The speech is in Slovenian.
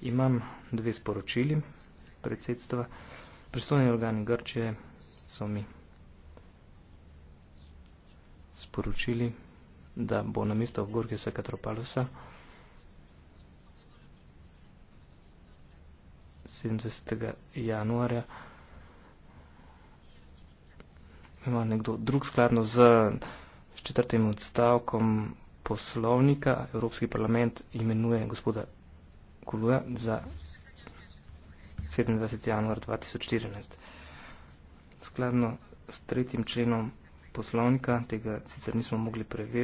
Imam dve sporočili predsedstva. Pristojni organi Grčije so mi sporočili, da bo na mesto Gorgesa Katropalosa 27. januarja ima nekdo drug skladno z četrtim odstavkom poslovnika. Evropski parlament imenuje gospoda Kuluja za 27. januar 2014. Skladno s tretjim členom poslovnika, tega sicer nismo mogli preveriti,